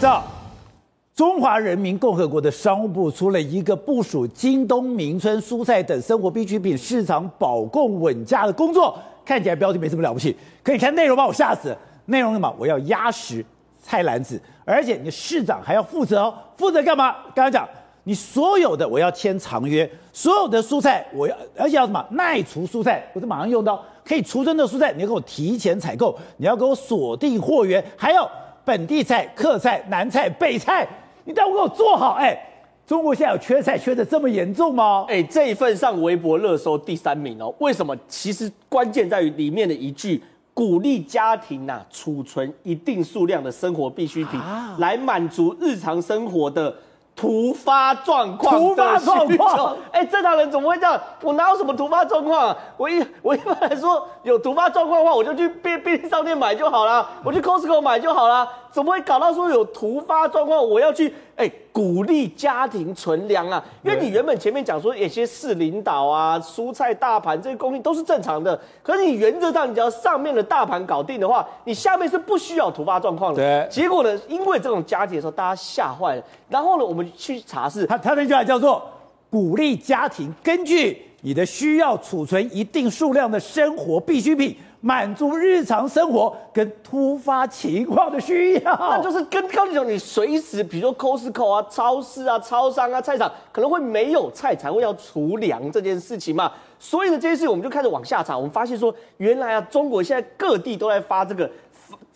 照，中華人民共和國的商務部出了一個部署今冬明春蔬菜等生活必需品市場保供穩價的工作。看起來標題沒什麼了不起，可以看內容把我嚇死。內容什麼？我要壓實菜籃子，而且你市長還要負責哦。負責幹嘛？剛剛講，你所有的我要簽長約，所有的蔬菜我要，而且要什麼耐儲蔬菜，不是馬上用到，可以儲存的蔬菜你要給我提前採購，你要給我鎖定貨源，還要。本地菜、客菜、南菜、北菜，你都給我做好。哎，中國現在有缺菜缺的這麼嚴重嗎？哎，這一份上微博熱搜第三名哦。為什麼？其實關鍵在於裡面的一句：鼓勵家庭吶、啊、儲存一定數量的生活必需品、啊，來滿足日常生活的。突發狀況！突發狀況！哎，正常人怎麼會這樣？我哪有什麼突發狀況啊？我一我一般來說有突發狀況的話，我就去便便利商店買就好啦，我去 Costco 買就好啦，怎麼會搞到說有突發狀況我要去？哎、欸，鼓勵家庭存糧啊，因為你原本前面講說有些市領導啊、蔬菜大盤這些供應都是正常的，可是你原則上你只要上面的大盤搞定的話，你下面是不需要突發狀況的。對，結果呢，因為這種家庭的時候，大家嚇壞了。然後呢，我們去查是，他他那句話叫做鼓勵家庭根據你的需要儲存一定數量的生活必需品。滿足日常生活跟突發情況的需要，那就是跟剛才講你隨時，比如說 Costco 啊、超市啊、超商啊、菜場，可能會沒有菜才會要儲糧這件事情嘛。所以呢，這件事情我們就開始往下查，我們發現說，原來啊，中國現在各地都在發這個。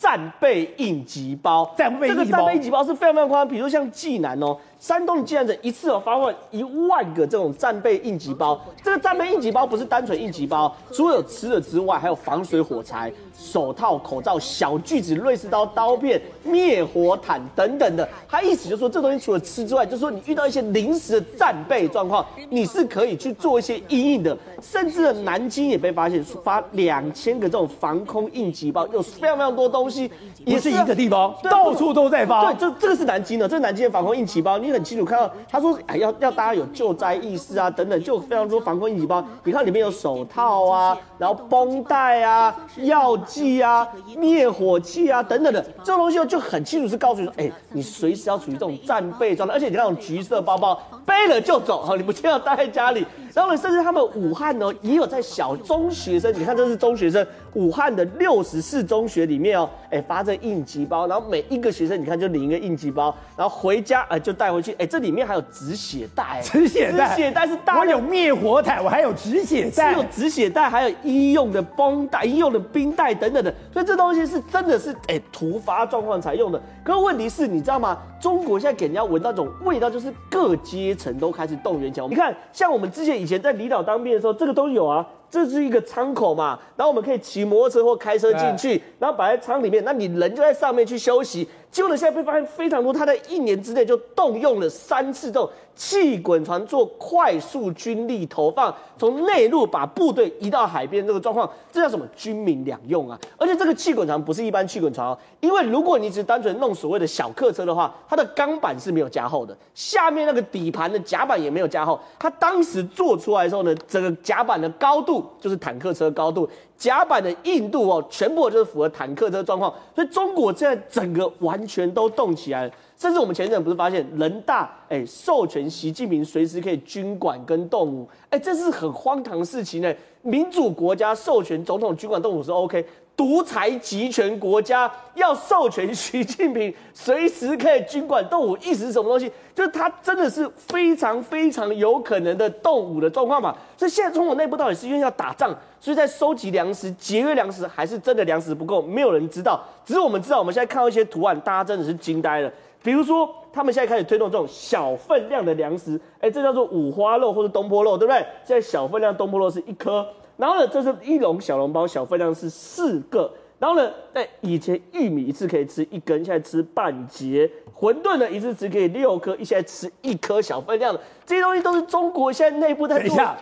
戰備、應急包戰備應急包，這個戰備應急包是非常非常誇張。比如說像濟南哦，山東的濟南市一次有發放一萬個這種戰備應急包。這個戰備應急包不是單純應急包，除了有吃的之外，還有防水火柴、手套、口罩、小鋸子、瑞士刀、刀片、滅火毯等等的。他意思就是說，這個、東西除了吃之外，就是說你遇到一些臨時的戰備狀況，你是可以去做一些陰影的。甚至南京也被發現發兩千個這種防空應急包，有非常非常多東西，也是一個地方、啊，到處都在發。對，這這個是南京的，這是南京的防空應急包。你很清楚看到，他說，哎，要要大家有救災意識啊，等等，就非常多防空應急包。你看裡面有手套啊，然後繃帶啊、藥劑啊、滅火器啊等等的這種東西，就很清楚是告訴你說，哎，你隨時要處於這種戰備狀態，而且你那種橘色包包背了就走，好，你不需要待在家裡。然後甚至他們武漢呢、喔，也有在小中學生，你看這是中學生，武漢的六十四中學裡面哦、喔，哎、欸、發這應急包，然後每一個學生你看就領一個應急包，然後回家啊、欸、就帶回去，哎、欸、這裡面還有止血帶、欸，止血帶，止血帶，是大。我有滅火毯，我還有止血帶，只有止血帶，還有醫用的繃帶、醫用的冰袋等等的，所以這東西是真的是哎、欸、突發狀況才用的。可問題是你知道嗎？中國現在給人家聞到一種味道，就是各階層都開始動員起來，你看像我們之前。以前在離島當兵的時候，這個都有啊，這是一個艙口嘛，然後我們可以騎摩托車或開車進去，然後擺在艙裡面，那你人就在上面去休息。結果呢，現在被發現非常多。他在一年之內就動用了三次這種氣滾船做快速軍力投放，從內陸把部隊移到海邊。這個狀況，這叫什麼？軍民兩用啊。而且這個氣滾船不是一般氣滾船哦，因為如果你只單純弄所謂的小客車的話，它的鋼板是沒有加厚的，下面那個底盤的甲板也沒有加厚。它當時做出來的時候呢，整個甲板的高度就是坦克車高度。甲板的硬度哦，全部就是符合坦克這個狀況，所以中國現在整個完全都動起來了。甚至我們前一陣不是發現人大哎、欸，授權習近平隨時可以軍管跟動武。哎、欸，這是很荒唐的事情呢、欸。民主國家授權總統軍管動武是 OK。獨裁集權國家要授權習近平隨時可以軍管動武，意思是什麼東西？就是他真的是非常非常有可能的動武的狀況嘛。所以現在中國內部到底是因為要打仗，所以在收集糧食、節約糧食，還是真的糧食不夠？沒有人知道，只是我們知道，我們現在看到一些圖案，大家真的是驚呆了。比如說，他們現在開始推動這種小分量的糧食，哎、欸，這叫做五花肉或者東坡肉，對不對？現在小分量東坡肉是一顆。然後呢，這是一籠小籠包，小分量是四個。然後呢，哎，以前玉米一次可以吃一根，現在吃半截；餛飩呢，一次只可以六顆，現在吃一顆小分量的。這些東西都是中國現在內部在。等一下，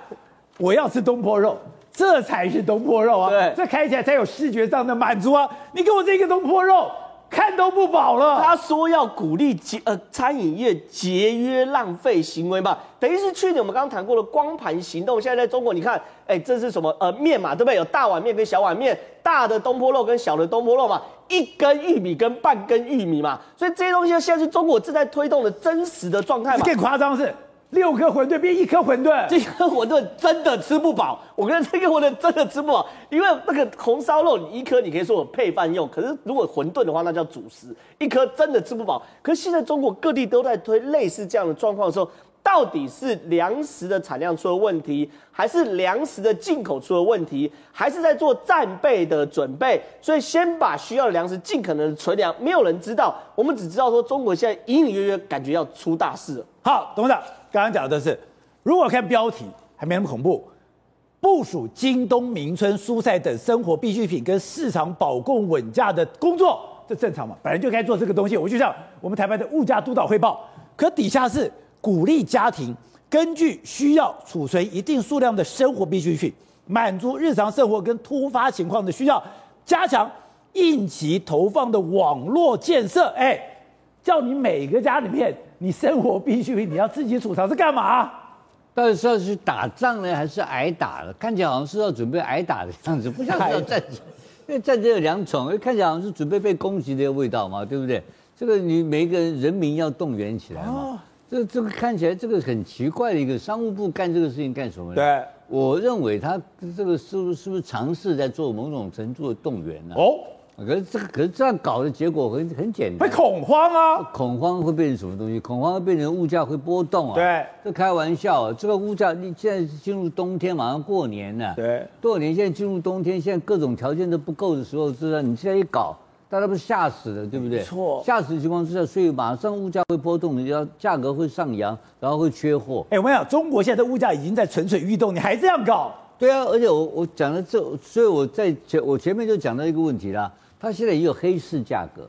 我要吃東坡肉，這才是東坡肉啊！對，這看起來才有視覺上的滿足啊！你給我這一個東坡肉。看都不飽了。他說要鼓勵節呃餐飲業節約浪費行為嘛，等於是去年我們剛剛談過的光盤行動。現在在中國你看，哎、欸，這是什麼呃麵嘛，對不對？有大碗麵跟小碗麵，大的東坡肉跟小的東坡肉嘛，一根玉米跟半根玉米嘛。所以這些東西現在是中國正在推動的真實的狀態，你更誇張的是。六顆餛飩變一顆餛飩，這顆餛飩真的吃不飽。我覺得這顆餛飩真的吃不飽，因為那個紅燒肉你一顆你可以說我配飯用，可是如果餛飩的話，那叫主食，一顆真的吃不飽。可是現在中國各地都在推類似這樣的狀況的時候，到底是糧食的產量出了問題，還是糧食的進口出了問題，還是在做戰備的準備？所以先把需要的糧食盡可能的存糧，沒有人知道。我們只知道說，中國現在隱隱約約感覺要出大事了。好，董事長。剛剛講的是，如果看標題還沒那麼恐怖，部署今冬明春蔬菜等生活必需品跟市場保供穩價的工作，這正常嗎？本來就該做這個東西。我就向我們台灣的物價督導匯報。可底下是鼓勵家庭根據需要儲存一定數量的生活必需品，滿足日常生活跟突發情況的需要，加強應急投放的網絡建設。哎，叫你每個家裡面。你生活必需品你要自己儲藏是幹嘛？到底是要去打仗呢，還是挨打的？看起來好像是要準備挨打的樣子，不像是要戰爭， 因為戰爭有兩種，因為看起來好像是準備被攻擊的味道嘛，對不對？這個你每一個人人民要動員起來嘛。哦、這這個看起來這個很奇怪的一個商務部幹這個事情幹什麼呢？對，我認為他這個是不是，是不是嘗試在做某種程度的動員呢，啊？哦。可是這個，可是這樣搞的結果很很簡單，會恐慌啊！恐慌會變成什麼東西？恐慌會變成物價會波動啊！對，這開玩笑啊，這個物價你現在進入冬天，馬上過年了啊，對，多少年現在進入冬天，現在各種條件都不夠的時候，知道你現在一搞，大家不是嚇死了，對不對？不錯，嚇死的情況之下，所以馬上物價會波動，你要價格會上揚，然後會缺貨。哎，欸，我講，中國現在的物價已經在蠢蠢欲動，你還這樣搞？對啊，而且我我講了這，所以我在前我前面就講到一個問題啦。他現在也有黑市價格，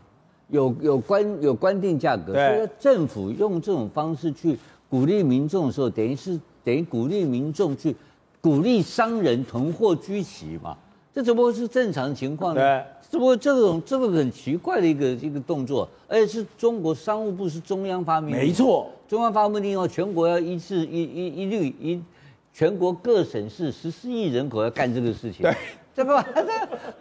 有有官有官定價格。所以政府用這種方式去鼓勵民眾的時候，等於是等於鼓勵民眾去鼓勵商人囤貨居奇嘛？這怎麼會是正常情況呢？對。只不過這不，這種這個很奇怪的一個一個動作，而且是中國商務部是中央發明。沒錯。中央發布命令後，全國要一次一一一律一,一,一，全國各省市十四億人口要幹這個事情。這不，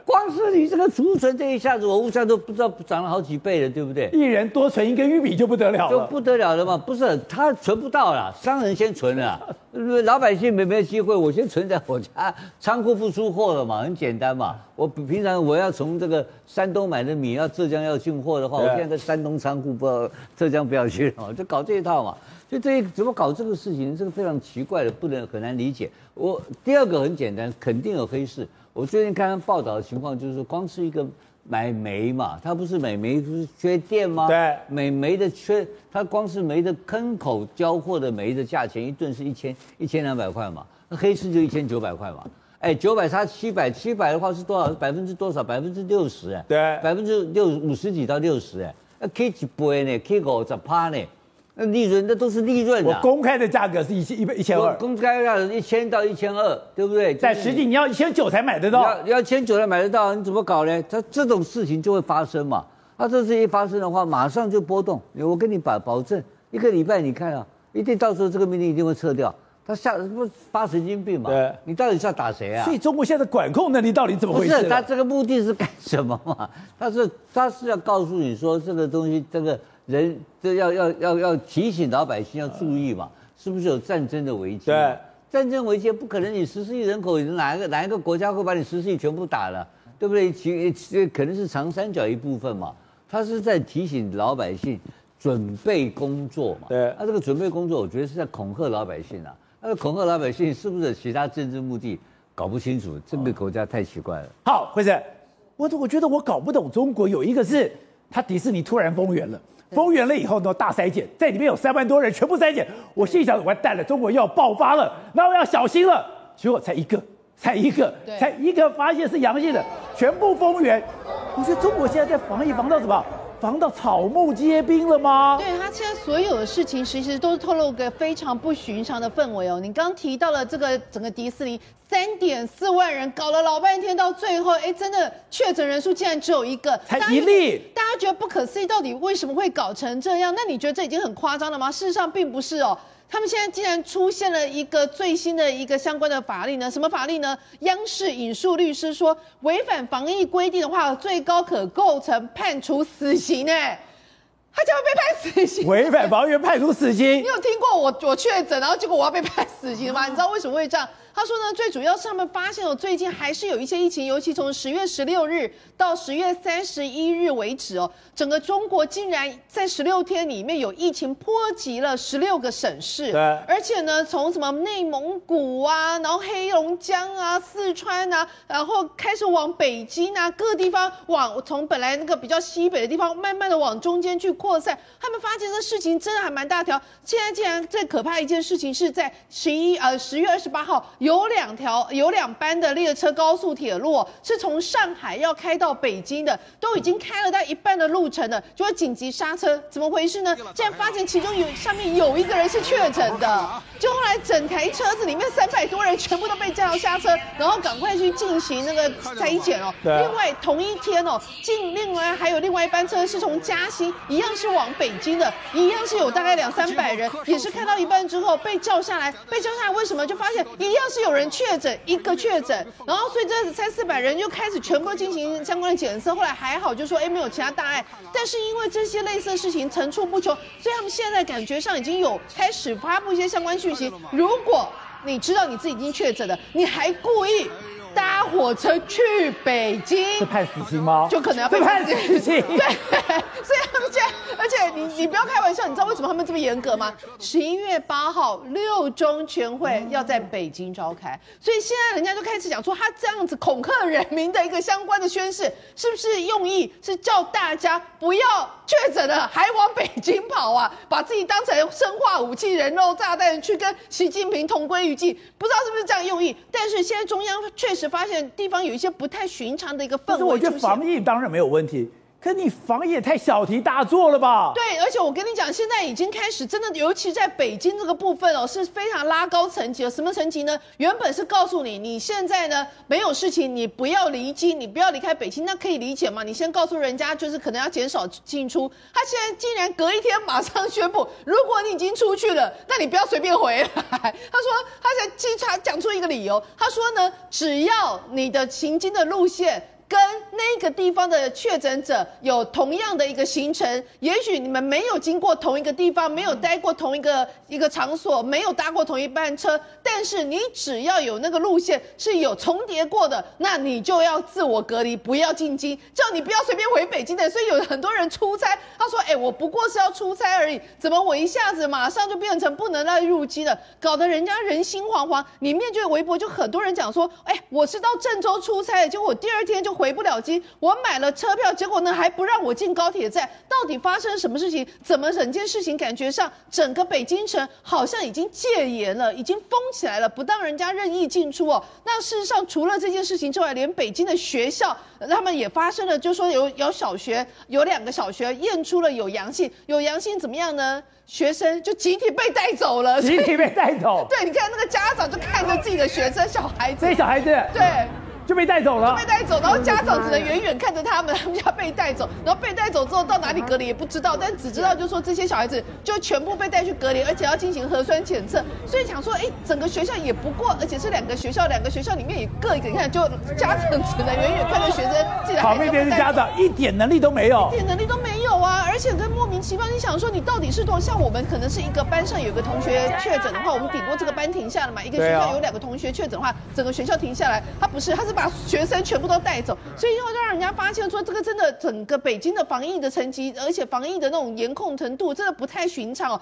光是你這個儲存，這一下子，我物價都不知道漲了好幾倍了，對不對？一人多存一根玉米就不得了了，就不得了了嘛。不是他存不到了，商人先存了， 老百姓沒沒機會，我先存在我家倉庫不出貨了嘛，很簡單嘛。我平常我要從這個山東買的米，要浙江要進貨的話，我現在在山東倉庫不浙江不要去了嘛，就搞這一套嘛。就這怎麼搞這個事情？這個非常奇怪的，不能，很難理解。我第二個很簡單，肯定有黑市。我最近看到報道的情況就是說，光是一個買煤嘛，它不是買煤不是缺電嗎？對，買煤的缺，它光是煤的坑口交貨的煤的價錢一噸是一千一千兩百塊嘛，那黑市就一千九百塊嘛，哎，九百差七百，七百的話是多少？百分之多少？百分之六十哎，對，百分之六五十幾到六十哎，那開一倍呢？開五十趴呢？那利潤，那都是利潤啊。我公開的價格是一千一百一千二，我公開價一千到一千二，對不對，就是？但實際你要一千九才買得到。你要，你要一千九才買得到，你怎麼搞嘞？這這種事情就會發生嘛。他這事情一發生的話，馬上就波動。我跟你保保證，一個禮拜你看啊，一定到時候這個命令一定會撤掉。他下不發神經病嘛？對，你到底是要打誰啊？所以中國現在管控呢，那你到底怎麼回事啊？不是他這個目的是幹什麼嘛？他是他是要告訴你說這個東西，這個。人這要要要要提醒老百姓要注意嘛，啊、是不是有戰爭的危機？對，戰爭危機不可能，你十四億人口，你哪一個哪一個國家會把你十四億全部打了，對不對？其這可能是長三角一部分嘛，他是在提醒老百姓準備工作嘛。對，那、啊、這個準備工作，我覺得是在恐嚇老百姓啊。那、啊、個恐嚇老百姓，是不是有其他政治目的？搞不清楚，哦、這個國家太奇怪了。好，輝生，我我我覺得我搞不懂中國有一個是，他迪士尼突然封園了。封園了以後呢，大篩檢，在裡面有三萬多人全部篩檢。我心想完蛋了，中國要爆發了，那我要小心了。結果才一個，才一個，才一個發現是陽性的，全部封園。我說中國現在在防疫防到什麼？防到草木皆兵了嗎？對他現在所有的事情，其實都是透露一個非常不尋常的氛圍哦。你剛提到了這個整個迪士尼，三點四萬人搞了老半天，到最後，哎，真的確診人數竟然只有一個，才一例，大家覺得不可思議。到底為什麼會搞成這樣？那你覺得這已經很誇張了嗎？事實上並不是哦。他們現在竟然出現了一個最新的一個相關的法律呢？什麼法律呢？央視引述律師說，違反防疫規定的話，最高可構成判處死刑呢？他將會被判死刑？違反防疫判處死刑？你有聽過我我確診，然後結果我要被判死刑嗎？你知道為什麼會這樣？ 他說呢，最主要是他們發現了最近還是有一些疫情，尤其從十月十六日到十月三十一日為止哦，整個中國竟然在十六天裡面有疫情波及了十六個省市。對，而且呢，從什麼內蒙古啊，然後黑龍江啊、四川啊，然後開始往北京啊各地方往，從本來那個比較西北的地方，慢慢的往中間去擴散。他們發現這事情真的還蠻大條。現在竟然最可怕一件事情是在十一呃十月二十八號。有兩條有兩班的列車高速鐵路、哦、是從上海要開到北京的，都已經開了大概一半的路程了，就會緊急剎車。怎麼回事呢？竟然發現其中有上面有一個人是確診的，就後來整台車子裡面三百多人全部都被叫到下車，然後趕快去進行那個篩檢哦、啊。另外同一天哦，進另外還有另外一班車是從嘉興，一樣是往北京的，一樣是有大概兩三百人，也是看到一半之後被叫下來，被叫下來為什麼，就發現一樣是。有人確診一個確診，然後所以這三四百人就開始全部進行相關的檢測，後來還好，就說哎沒有其他大礙。但是因為這些類似的事情層出不窮，所以他們現在感覺上已經有開始發布一些相關訊息。如果你知道你自己已經確診了，你還故意搭火車去北京，判死刑嗎？就可能要被判死刑。 對，所以而且而且，你你不要開玩笑，你知道為什麼他們這麼嚴格嗎？十一月八號六中全會要在北京召開，所以現在人家就開始講說，他這樣子恐嚇人民的一個相關的宣示，是不是用意是叫大家不要確診了還往北京跑啊，把自己當成生化武器、人肉炸彈去跟習近平同歸於盡？不知道是不是這樣用意，但是現在中央確。是發現地方有一些不太尋常的一個氛圍出現。所以我覺得防疫當然沒有問題。跟你防也太小題大做了吧？對，而且我跟你講，現在已經開始，真的，尤其在北京這個部分哦，是非常拉高層級了。什麼層級呢？原本是告訴你，你現在呢沒有事情，你不要離京，你不要離開北京，那可以理解嘛？你先告訴人家，就是可能要減少進出。他現在竟然隔一天馬上宣布，如果你已經出去了，那你不要隨便回來。他說，他才經常講出一個理由，他說呢，只要你的行經的路線跟那一、這個地方的確診者有同樣的一個行程，也許你們沒有經過同一個地方，沒有待過同一個一個場所，沒有搭過同一班車，但是你只要有那個路線是有重疊過的，那你就要自我隔離，不要進京，叫你不要隨便回北京的。所以有很多人出差，他說：“哎、欸，我不過是要出差而已，怎麼我一下子馬上就變成不能再入京了？”搞得人家人心惶惶。你面對微博就很多人講說：“哎、欸，我是到鄭州出差，就我第二天就回不了京。”我買了車票，結果呢，還不讓我進高鐵站，到底發生了什麼事情？怎麼整件事情感覺上整個北京城好像已經戒嚴了，已經封起來了，不讓人家任意進出哦。那事實上除了這件事情之外，連北京的學校他們也發生了，就是說有有小學有兩個小學驗出了有陽性，有陽性怎麼樣呢？學生就集體被帶走了，集體被帶走。對，你看那個家長就看着自己的學生 小孩子，這小孩子對。就被帶走了，就被帶走，然後家長只能遠遠看着他們，他們家被帶走，然後被帶走之後到哪裡隔離也不知道，但只知道就是說這些小孩子就全部被帶去隔離，而且要進行核酸檢測。所以想說，哎、欸，整個學校也不過，而且是兩個學校，兩個學校裡面也各一個，你看，就家長只能遠遠看着學生，好，旁邊是家長一點能力都沒有，一點能力都沒有啊，而且更莫名其妙。你想說，你到底是多像我們？可能是一個班上有個同學確診的話，我們頂多這個班停下了嘛。一個學校有兩個同學確診的話，整個學校停下來。他不是，他是。把學生全部都帶走，所以要讓人家發現說，這個真的整個北京的防疫的成績，而且防疫的那種嚴控程度，真的不太尋常。